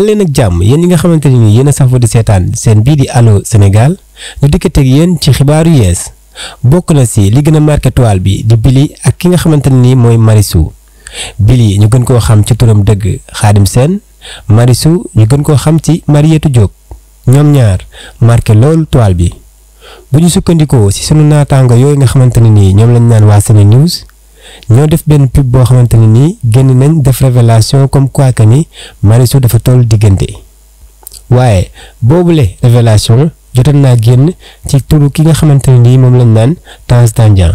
dal leen ak jàmm yéen ñi nga xamante ne nii yéen a safoo di seetaan seen bii di Allô Sénégal ñu dikkateeg yéen ci xibaaru yees bokk na si li gën a marqué toile bi di Billy ak ki nga xamante ne nii mooy Marichou Billy ñu gën koo xam ci turam dëgg Khadim seen Marichou ñu gën koo xam ci Mariétou jóg ñoom ñaar marqué loolu toile bi bu ñu sukkandikoo si sunu naataango yooyu nga xamante ne nii ñoom lañ naan waa Sene News ñoo def benn pub boo xamante ne nii génn nañ def révélation comme quoi que ni Marichou dafa toll diggante waaye boobule révélation jotoon naa génn ci turu ki nga xamante ne nii moom lañ naan Tange Tandian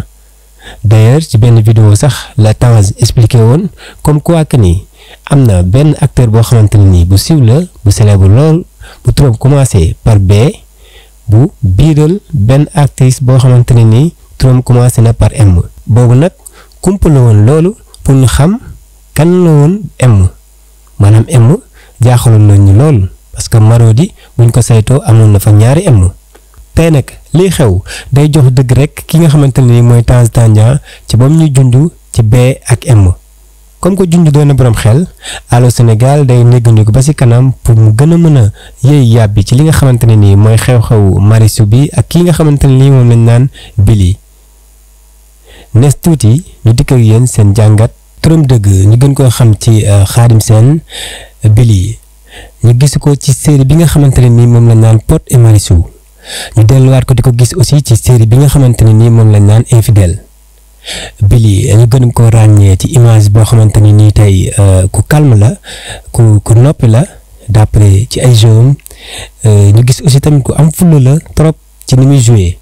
d'ailleurs ci benn vidéo sax la Tange expliqué woon comme quoi que ni am na benn acteur boo xamante nii bu siiw la bu célèbre lool bu turam commencé par B bu biiral benn actrice boo xamante ne nii turam commencé na par M boobu nag. kumpala woon loolu pour ñu xam kan la woon emm maanaam emm jaaxaloon nañ ñu lool parce que Marodi buñ ko saytoo amoon na fa ñaari emm tey nag liy xew day jox dëgg rek kii nga xamante ne nii mooy Tange Tandian ci bam ñu junj ci B ak M comme que junj doon na borom xel Allô Sénégal day ko ba ci kanam pour mu gën a mën a yëy yàbbi ci li nga xamante ne nii mooy xew xew Marichou bi ak kii nga xamante ne nii moom lañ naan Billy nees tuuti ñu dikk ak yéen seen jàngat turam dëgg ñu gën koo xam ci euh, Khadim Sène Béli ñu gis ko ci série bi nga xamante ne nii moom lañ naan Pod et Marichou ñu delluwaat ko di ko gis aussi ci série bi nga xamante ne nii moom lañ naan Infidèle Béli ñu gën ko ràññee ci image boo xamante ni nii tey euh, ku calme la ku ku noppi la d'après ci ay jeunes euh, ñu gis aussi tamit ko am fulla la trop ci ni muy joué.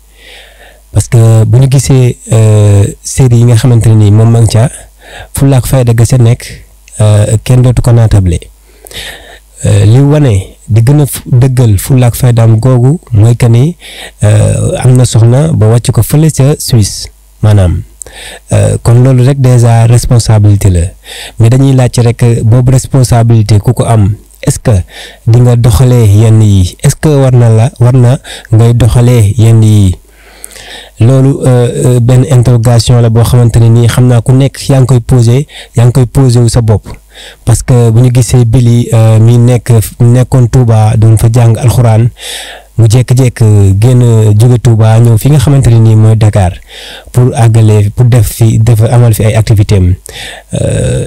parce que bu ñu gisee euh, série yi nga xamante ne nii moom maa ngi caa fulla ak fayda ga sa nekk euh, kenn dootu ko naatable euh, li wane di gën a dëggal fulla ak faydaam googu mooy que ni am na soxna ba wàcc ko fële ca Suisse maanaam kon loolu rek déjà responsabilité la mais dañuy laaj rek boobu responsabilité ku ko am. est-ce que di nga doxalee yenn yi est-ce que war na la war na ngay doxalee yenn yi loolu euh, euh, benn interrogation la boo xamante ne nii xam naa ku nekk yaa ngi koy posé yaa ngi koy posé wu sa bopp parce que bu ñu gisee Billy euh, mii nekk nekkoon Touba doon fa jàng alxuraan mu jékki-jékk génn jóge Touba ñëw fi nga xamante ne nii mooy Dakar pour àggale pour def fi def amal fi ay activité am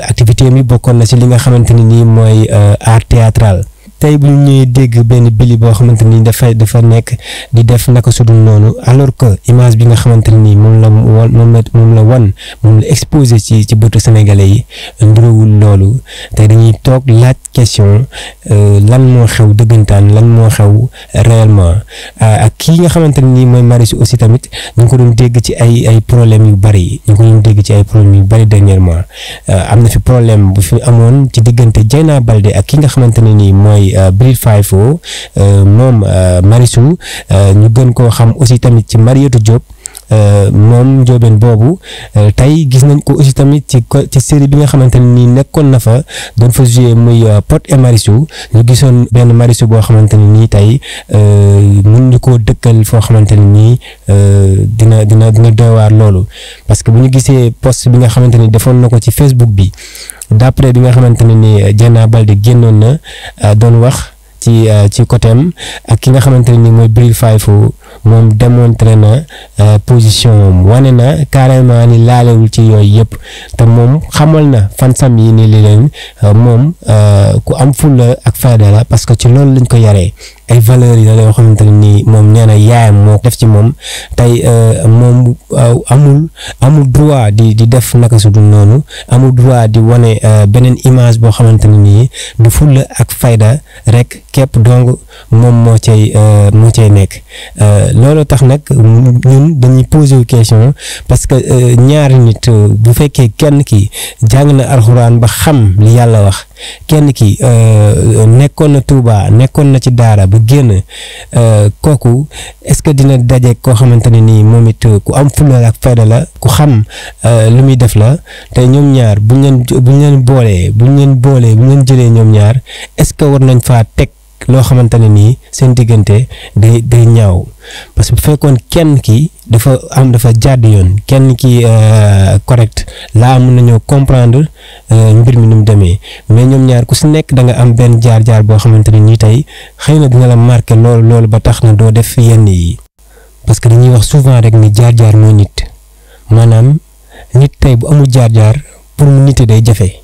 activité am bokkoon na si li nga xamante ne nii mooy art théâtral tey bu ñuy dégg benn billi boo xamante ni dafay dafa nekk di def naka su noonu alors que image bi nga xamante ni moom la moom moom la wan moom la exposé ci ci bëtu sénégalais yi ndurawul loolu tey dañuy toog laaj question euh, lan moo xew dëggantaan lan moo xew réellement euh, ak kii nga xamante ni mooy Marichou aussi tamit ñu ko doon dégg ci ay ay problèmes yu bari ñu ko doon dégg ci ay problèmes yu bari dernièrement euh, am na fi problème bu fi amoon ci diggante naa Baldé ak ki nga xamante ne nii mooy. di euh, Bril Fayfo euh, moom euh, Marichou ñu gën koo xam aussi tamit ci Mariétou Diop moom njóobeen boobu tey gis nañ ko aussi tamit ci ci série bi nga xamante ne nii nekkoon na fa doon fa joué muy Pod et Marichou ñu gisoon benn Marichou boo xamante ne nii tey mun ñu ko dëkkal foo xamante ne nii dina dina dina doy waar loolu parce que bu ñu gisee post bi nga xamante ni defoon na ko ci Facebook bi. d'après bi nga xamante ne ni euh, Dieyna Baldé génnoon na euh, doon wax ci euh, ci côté am ak ki nga xamante ne ni mooy Bril Fayfo moom démontré na euh, position wane na carrément ni laalewul ci yooyu yëpp te moom xamal na fansam yi ni li leen euh, moom euh, ku am fulla ak fayda la parce que ci loolu lañ ko yaree ay valeurs yi la yoo xamante ne nii moom nee na yaayam moo def ci moom tey moom amul amul droit di di def naka su dul noonu amul droit di wane beneen image boo xamante ne nii du fulla ak fayda rek képp donc moom moo cay moo cay nekk Euh, loolu tax nag ñun dañuy poser question parce que euh, ñaari nit euh, bu fekkee kenn ki jàng na alxuraan ba xam li yàlla wax kenn ki nekkoon na Touba nekkoon na ci daara bu génn kooku est-ce que dina daje koo xamante ne nii moom it ku am fulla ak fayda la ku xam lu muy def la te ñoom ñaar bu leen buñ leen boolee bu leen boolee buñ leen jëlee ñoom ñaar est-ce war nañ faa teg. loo xamante ne nii seen diggante day day ñaaw parce que bu fekkoon kenn ki dafa am dafa jàdd yoon kenn ki euh, correct laa mën nañoo comprendre euh, mbir mi ni mu demee mais ñoom ñaar ku si nekk da nga am benn jaar-jaar boo xamante ne nii tey xëy na dina la marqué loolu loolu ba tax na doo def yenn yi parce que dañuy wax souvent rek ni jaar-jaar mooy nit maanaam nit tey bu amul jaar-jaar pour mu nite day jafe.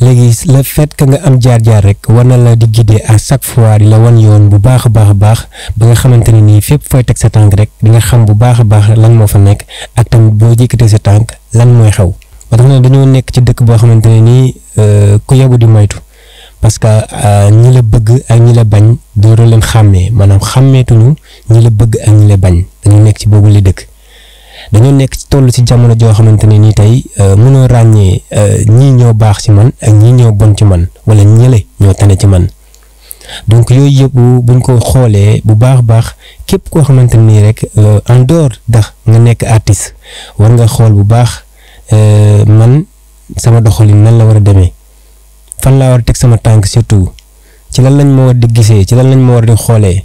léegi le fait que nga am jaar-jaar rek war na la di guider à chaque fois di la wan yoon bu baax a baax a baax ba nga xamante ne nii fépp fooy teg sa tànk rek di nga xam bu baax a baax lan moo fa nekk ak tamit boo yëkkatee sa tànk lan mooy xew ba tax na dañoo nekk ci dëkk boo xamante ne nii euh, ku yàggu di moytu parce que euh, ñi la bëgg ak ñi la bañ doo leen xàmmee maanaam xàmmeetuñu ñi la bëgg ak ñi la bañ dañu nekk ci boobu la dëkk. dañoo nekk ci toll ci jamono joo xamante ne nii tey euh, mënoo ràññee euh, ñii ñoo baax ci man ak ñii ñoo bon ci man wala ñële ñoo tane ci man donc yooyu yëpp buñ ko xoolee bu baax baax képp koo xamante nii rek euh, en dehors dax nga nekk artiste war nga xool bu baax man sama doxalin nan la war a demee fan laa war a teg sama tànk surtout ci lan lañ ma war di gisee ci lan lañ ma war di xoolee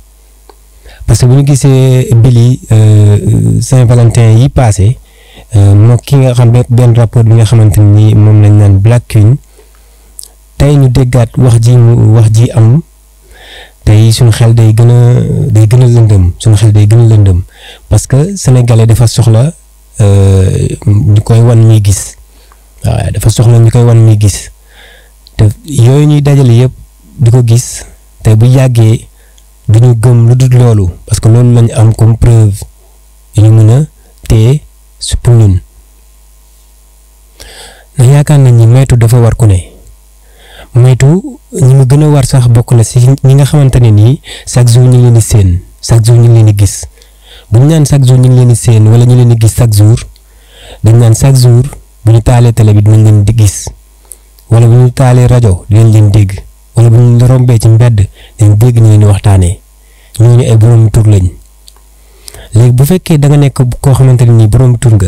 parce que bu ñu gisee bili euh, Saint-Valentin yi passé euh, moo ki nga xam benn rapport bi nga xamante nii moom lañ naan Black Queen tey ñu déggaat wax ji mu wax ji am tey suñu xel day gën day gën a lëndëm suñu xel day gën a lëndëm parce que sénégalais dafa soxla euh, ñu koy wan ñuy gis waaw dafa soxla ñu koy wan ñuy gis te yooyu ñuy dajale yëpp di ko gis te bu yàggee du ñu gëm lu dul loolu que loolu lañu am comme preuve yu ñu mën a te su pour ñun ndax yaakaar nañ ni moytu dafa war ku ne moytu ñi mu gën a war sax bokk la si ñi nga xamante ne nii chaque jour ñu ngi leen di séen chaque jour ñu ngi leen di gis bu ñu naan chaque jour ñu ngi leen di séen wala ñu leen di gis chaque jour dañ naan chaque jour bu ñu taalee télé bi leen di gis wala bu ñu taalee rajo dinañ leen dégg wala bu ñu rombee ci mbedd dañ dégg ñu leen di waxtaanee. ñooñu ay borom tur lañ léegi bu fekkee da nga nekk koo xamante ne nii borom tur nga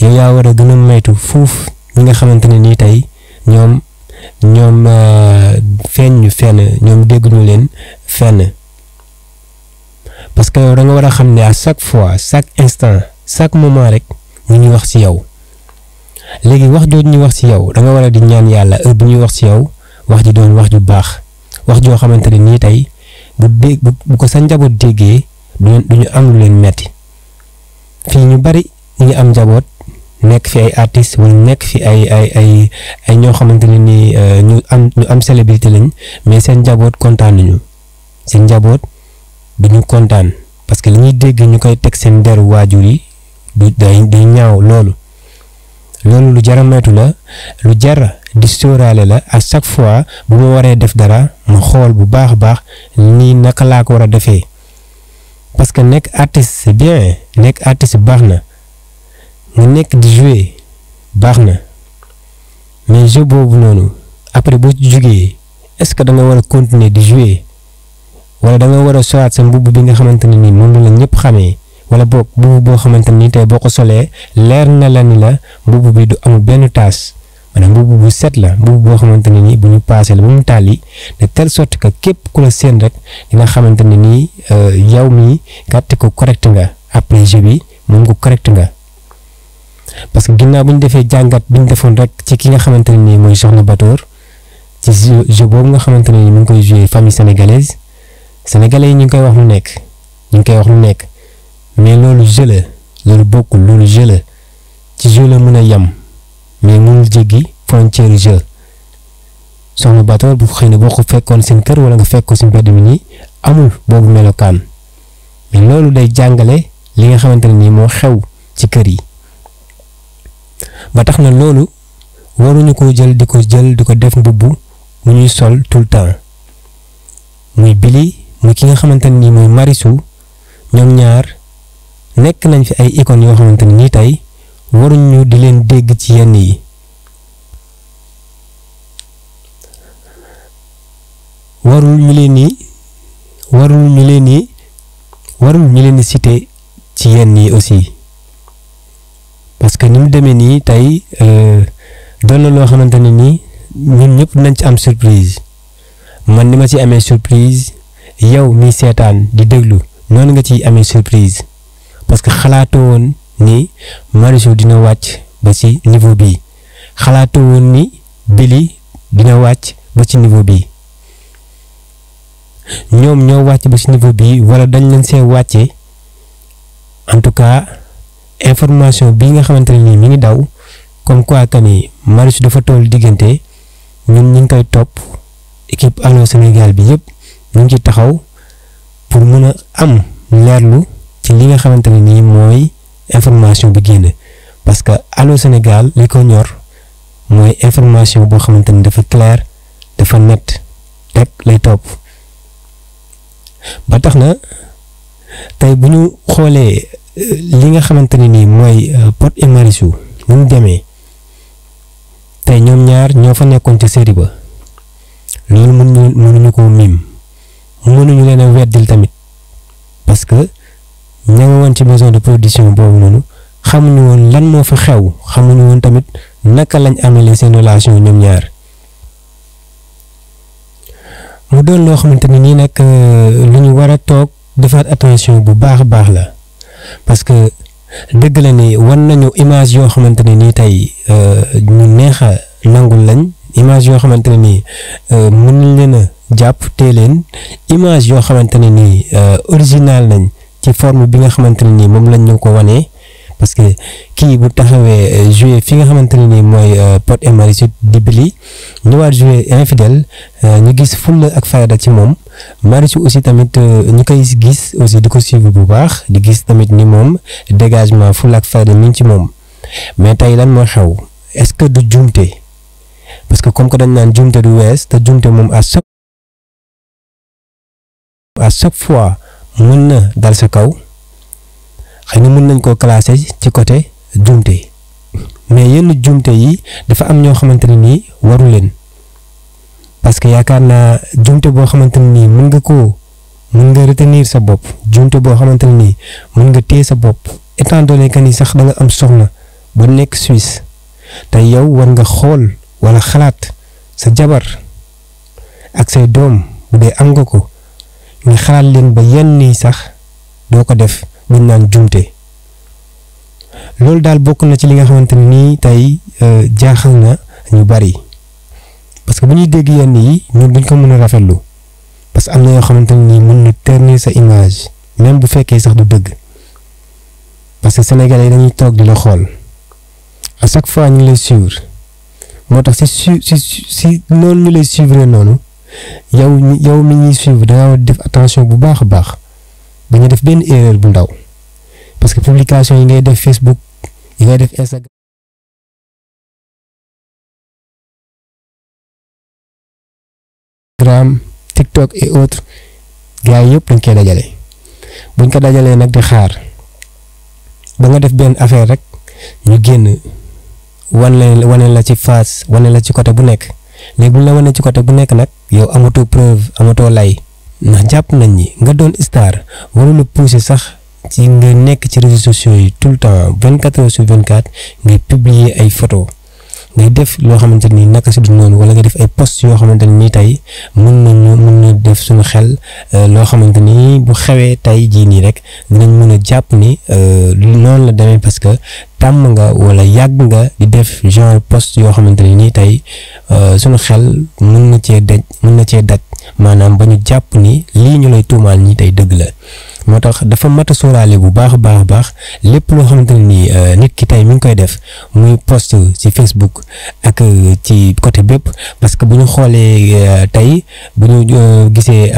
yow yaa war a gën maytu moytu fuuf ñi nga xamante ne nii tey ñoom ñoom euh, feeñ ñu fenn ñoom dégguñu leen fenn parce que yow da nga war a xam ne à chaque fois chaque instant chaque moment rek ñu ñuy wax ci yow léegi wax jooju ñu wax ci yow da nga war a di ñaan yàlla heure bu ñuy wax ci yow wax ji doon wax ju baax wax joo xamante ne nii tey bu dégg bu ko sa njaboot déggee du ñu am lu leen metti fii ñu bari ñu ngi am njaboot nekk fi ay artistes wala nekk fi ay ay ay ay ñoo xamante ne ni euh, ñu am ñu am célébrité lañ mais seen njaboot kontaan nañu seen njaboot du ñu kontaan parce que li ñuy dégg ñu koy teg seen deru waajur yi du day du ñaaw loolu loolu lu jarameetu la lu jara di sóoraale la à chaque fois bu ma waree def dara ma xool bu baax a baax nii naka laa ko war a defee parce que nekk artiste c'est bien nekk artiste baax na nga nekk di jouer baax na mais jeu boobu noonu après boo ci jugee est-ce que da nga war a continuer di jouer wala da nga war a solaat sa mbubb bi nga xamante ne nii moom la ñëpp xamee wala boog mbubb boo xamante ne nii tey boo ko solee leer na la ni la mbubb bi du amul benn taas. maanaam mbubb bu set la mbubb boo xamante ne nii bu ñu paasee la ba mu taal yi de telle sorte que képp ku la seen rek dina xamante ne nii euh, yow mii gàtte ko correct nga après jeu bi moom ko correct nga parce que ginnaaw bi ñu defee jàngat bi ñu defoon rek ci ki nga xamante ne nii mooy Soxna Batoor ci jeu boobu nga xamante ne nii mu ngi koy joué famille sénégalaise sénégalais yi ñu ngi koy wax lu nekk ñu ngi koy wax lu nekk mais loolu jeu la loolu bokkul loolu jeu ci jeu la mën a yem. mais mënul jéggi frontière jeu soxna Bator bu xëy na boo ko fekkoon seen kër wala nga fekk ko si mbedd mi nii amul boobu melokaan mais loolu day jàngale li nga xamante ne nii moo xew ci kër yi ba tax na loolu waruñu ko jël di ko jël di ko def mbubb mu ñuy sol tout le temps muy Billy muy ki nga xamante ne nii muy Marichou ñoom ñaar nekk nañ fi ay icônes yoo xamante ne nii tey. waruñu di leen dégg ci yenn yi warul ñu leen ni warul ñu leen ni warul ñu ci yenn yi aussi parce que ni mu demee nii tey euh, doon na loo xamante ne nii ñun ñëpp nañ ci am surprise man ni ma ci amee surprise yow mi seetaan di déglu noonu nga ciy amee surprise parce que xalaatoo woon ni Marichou dina wàcc ba ci niveau bii xalaatu woon ni Billy dina wàcc ba ci niveau bii ñoom ñoo wàcc ba ci niveau bii walla dañ leen see wàcce en tout cas information bi nga xamante ne nii mi ngi daw comme quoi que ni Marichou dafa toll diggante ñun ñu ngi koy topp équipe Allô Sénégal bi yëpp ñu ngi ci taxaw pour mën a am leerlu ci li nga xamante ne nii mooy. information bi génn parce que aloo Sénégal li ko ñor mooy information boo xamante ni dafa clair dafa net teg lay topp ba tax na tey bu ñu xoolee euh, li nga xamante ne nii mooy euh, Pod et Marichou ñu mu demee tey ñoom ñaar ñoo fa nekkoon ca série ba loolu mënuñu mënuñu ko miim mënuñu leen a weddil tamit parce que ña nga ci maison de production boobu noonu xamuñu woon lan moo fa xew xamuñu woon tamit naka lañ amele seen relation ñoom ñaar mu doon loo xamante ne nii nag euh, lu ñu war a toog defaat attention bu baax a baax la parce que dëgg la ni wan nañu image yoo xamante ne nii tey euh, ñu neex a nangul lañ image yoo xamante ne nii euh, mën leen a jàpp tee leen image yoo xamante ne nii original nañ ci forme bi nga xamante nii moom lañ ñu ko wanee parce que kii bu taxawee euh, joué fi nga xamante ne nii mooy euh, Pod et Marichou di Billy ñëwaat joué infidèle euh, ñu gis fulla ak fayda ci moom Marichou aussi tamit ñu koy gis aussi di ko suivre bu baax di gis tamit ni moom dégagement fulla ak fayda mi ngi ci moom mais tey lan moo xew est-ce que du jumte parce que comme que dañ naan jumte du wees te jumte moom à chaque fois mën na dal sa kaw xëy na mën nañ koo classé ci côté jumte mais yenn jumte yi dafa am ñoo xamante ne nii waru leen parce que yaakaar naa jumte boo xamante ne nii mën nga koo mun nga retenir sa bopp jumte boo xamante nii mën nga téye sa bopp étant donné que ni sax da nga am soxna ba nekk Suisse te yow war nga xool wala xalaat sa jabar ak say doom bu dee am nga ko nga xalaat leen ba yenn yi sax doo ko def buñ naan jumte loolu daal bokk na ci li nga xamante ne nii tey euh, jaaxal na ñu bari parce que bu ñuy dégg yenn yi ñun buñ ko mën a rafetlu parce que am na yoo xamante ne nii mën na ternir sa image même bu fekkee sax du dëgg parce que sénégalais dañuy toog di la xool à chaque fois ñu lay suivre moo tax si si si noonu ñu lay suivre noonu. yow yow mi ñuy suivre da def attention bu baax a baax bu nga def benn erreur bu ndaw parce que publication yi ngay def Facebook yi ngay def Instagram. Instagram TikTok et autres gars yi yëpp dañ koy dajale buñ ko dajalee nag di xaar ba nga def benn affaire rek ñu génn wan la wane la ci face wane la ci côté bu nekk léegi bu la wane ci côté bu nekk nag. yow amatoo preuve amato lay ndax jàpp nañ ni nga doon star warula pousser sax ci nga nekk ci réseaux sociaux yi tout le temps 24 heures sur 24 ngay publier ay photo ngay def loo xamante ni naka si du noonu wala nga def ay post yoo xamante ni tey mën na mën na def suñu xel euh, loo xamante ni bu xewee tey jii nii rek dinañ mën a jàpp ni euh, noonu la demee parce que tàmm nga wala yàgg nga di def genre post yoo xamante ni nii tey euh, suñu xel mën na cee daj mën na cee daj maanaam ba ñu jàpp ni lii ñu lay tuumaal ñi tey dëgg la moo tax dafa mat a sóoraale bu baax a baax a baax lépp loo xamante ne nii euh, nit ki tey mi ngi koy def muy post ci Facebook ak euh, ci côté bépp parce que bu ñu xoolee euh, tey bu ñu gisee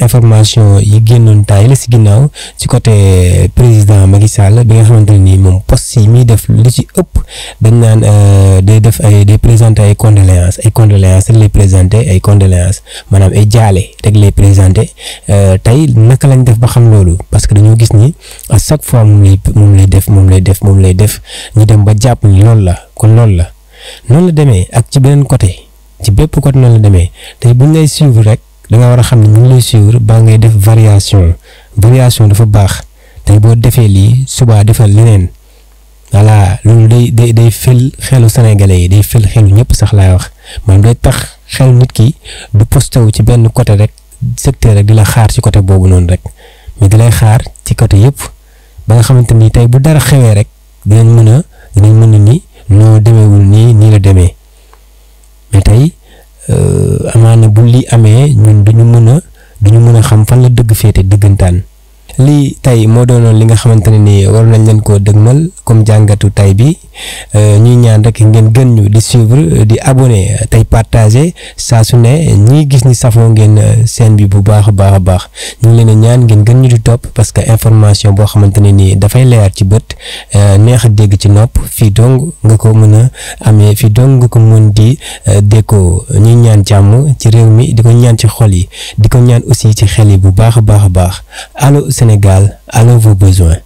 information yi génnoon tay la si ginnaaw ci côté président Macky Sall bi nga xamante ne nii moom post yi muy def lu si ëpp dañ naan day def ay day présenter ay condoléances ay condoléances rek lay présenter ay condoléances maanaam ay jaale rek lay présenter tey naka lañ def ba xam. loolu parce que dañoo gis ni à chaque fois moom lay moom lay def moom lay def moom lay def ñu dem ba jàpp ni loolu la kon loolu la noonu la demee ak ci beneen côté ci bépp côté noonu la demee tey bu ñu lay suivre rek da war a xam ne ñu ngi lay suivre ba ngay def variation variation dafa baax tey boo defee lii subaa defal leneen voilà loolu day day day fël xelu sénégalais yi day fël xelu ñëpp sax laay wax maanaam day tax xel nit ki du posté wu ci benn côté rek secteur rek di la xaar ci côté boobu noonu rek ñu di xaar ci côté yëpp ba nga xamante ni tey bu dara xewee rek dinañ mën a dinañ mën a ni noo demeewul nii nii la demee mais tey euh, amaana bu lii amee ñun duñu mën a duñu mën a xam fan la dëgg féete dëggantaan lii tey moo doonoon li nga xamante ne nii war nañ leen koo dëgmal comme jàngatu tey bi euh, ñuy ñaan rek ngeen gën ñu di suivre di abonné tey partager saa su ne ñii gis ni safoo ngeen euh, seen bi bu baax a baax a baax ñu ngi leen ñaan ngeen gën ñu di topp parce que information boo xamante ne nii dafay leer ci bët euh, neex a dégg ci nopp fii dong nga ko mën a amee fii dong nga ko mën di déggoo ñuy ñaan jàmm ci réew mi di ñaan ci xol yi di ko ñaan aussi ci xel yi bu baax a baax a baax Sénégal, allons vos besoins.